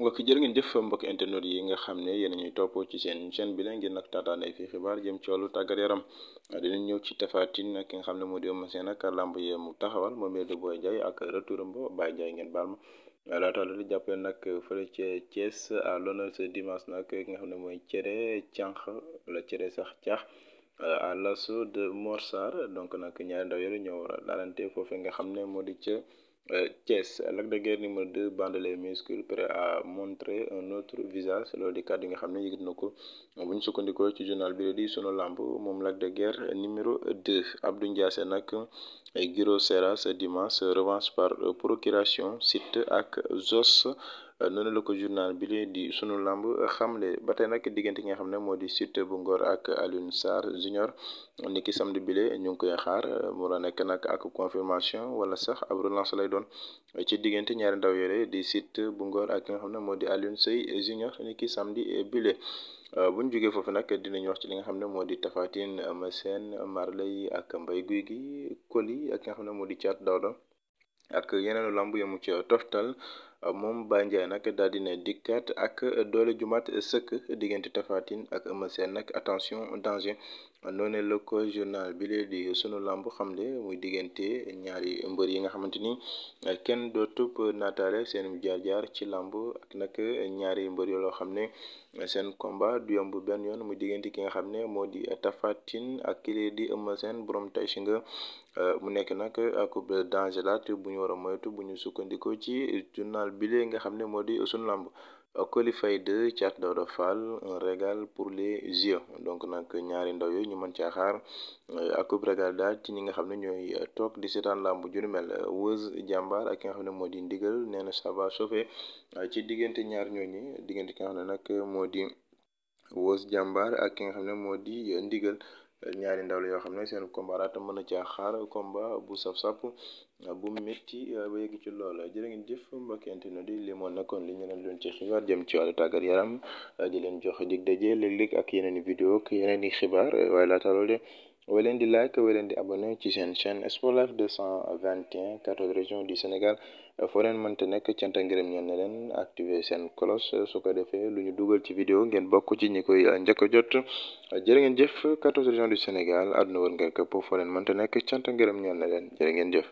mbokk jël ngeen jëf mbokk internet yi nga xam ne yéen ñuy topp ci seen chaîne bi la ngeen nag taataanay fii xibaar jëm ci wàllu tàggat yaram dinañ ñëw ci tafatin ki nga xam ne moo di Eumeu Sène ak làmb yee mu taxawal moom de Boy Ndiaye ak retouram ba Baye Ndiaye ngeen baal ma laata loolu jàpp leen nag fële ca Thiès à l'honneur ce dimanche nag ki nga xam ne mooy cere cànq la cere sax caax à l'assaut de Morsar donc nag ñaari ndaw yooyu ñoo war a laalante foofee nga xam ne moo di ca Euh, Thiès Lac de Guiers numéro 2 bande les muscles prêt à montrer un autre visage loolu di kàddu yi nga xam ne yëgit na ko moom mu ñu sukkandikoo ci journal bi di sunu làmb moom lag de Guiers numéro 2 Abdou Ndiassé nag Guiro sera ce dimanche revanche par euh, procuration site ak Zoss euh, noonu la ko journal bi di sunu lamb xamle ba tey nag diggante ki nga xam ne moo di Siteu bu Ngor ak Alioune Sarr junior ni ki samedi bi lee ñu ngi koy xaar mu nekk nag ak confirmation wala sax ab relance lay doon ci diggante ñaari ndaw yore di Siteu bu Ngor ak ki nga xam ne moo di Alioune Seye junior ni ki samedi bi lee Euh, bu ñu jógee foofu nag dinañ wax ci li nga xam ne moo di Tapha Tine Eumeu Sène Marley ak Mbaye Gouy Gui Coly ak nga xam ne moo di Thiat Daouda ak yeneenu lamb yamu ci toftal moom ba Ndiaye nag daal di ne dikkaat ak doole ju mat sëkk diggante Tapha Tine ak Eumeu Sène nag attention danger noonu la ko journal bi lee di sunu làmb xamle muy diggante ñaari mbër yi nga xamante ni kenn dootub naataale seen jaar-jaar ci làmb ak nag ñaari mbër loo xam ne seen combat du yomb benn yoon muy diggante ki nga xam ne moo di Tapha ak ki di Eumeu seen borom tay si mu nekk nag ak danger laat bu ñu war a moytu bu ñu sukkandikoo ci journal bile nga xam ne moo di sunu lamb qualifié de Thiat Daouda Fall un régal pour les yeux donc nag ñaari ndaw yooyu ñu mën caa xaar euh, akub régal daal ci ñi nga xam ne ñooy euh, toog di seetaan lamb ju nu euh, jàmbaar ak ki nga xam ne moo di ndigal nee na ça va ci diggante ñaar ñooñu diggante ki nga xam nag moo di Weuz ki nga xam ne moo di ndigal. ñaari ndaw yoo xam ne seen combat laata mën na caa xaar combat bu saf-saf bu métti euh, ba yegg ci a jërë ngeen jëf mbokk internet di lii moo kon li ñu leen doon ci xibaar jëm ci wàllu tàggat yaram di leen jox dig daje léeg-léeg ak yeneen i vidéo ak i xibaar waaye laata loolu de woy di like woy leen di abonné ci seen chaîne Sport Life 221 14 régions du Sénégal foo leen mënta nekk cant ak ngërëm ñeen na leen activer seen cloche su ko defee lu ñu dugal ci vidéo ngeen bokk ci ñi koy njëkk a jot jërë ngeen jëf 14 régions du Sénégal àdduna wër nga këpp foo leen mënta nekk cant ak ngërëm ñeen na leen jërë ngeen jëf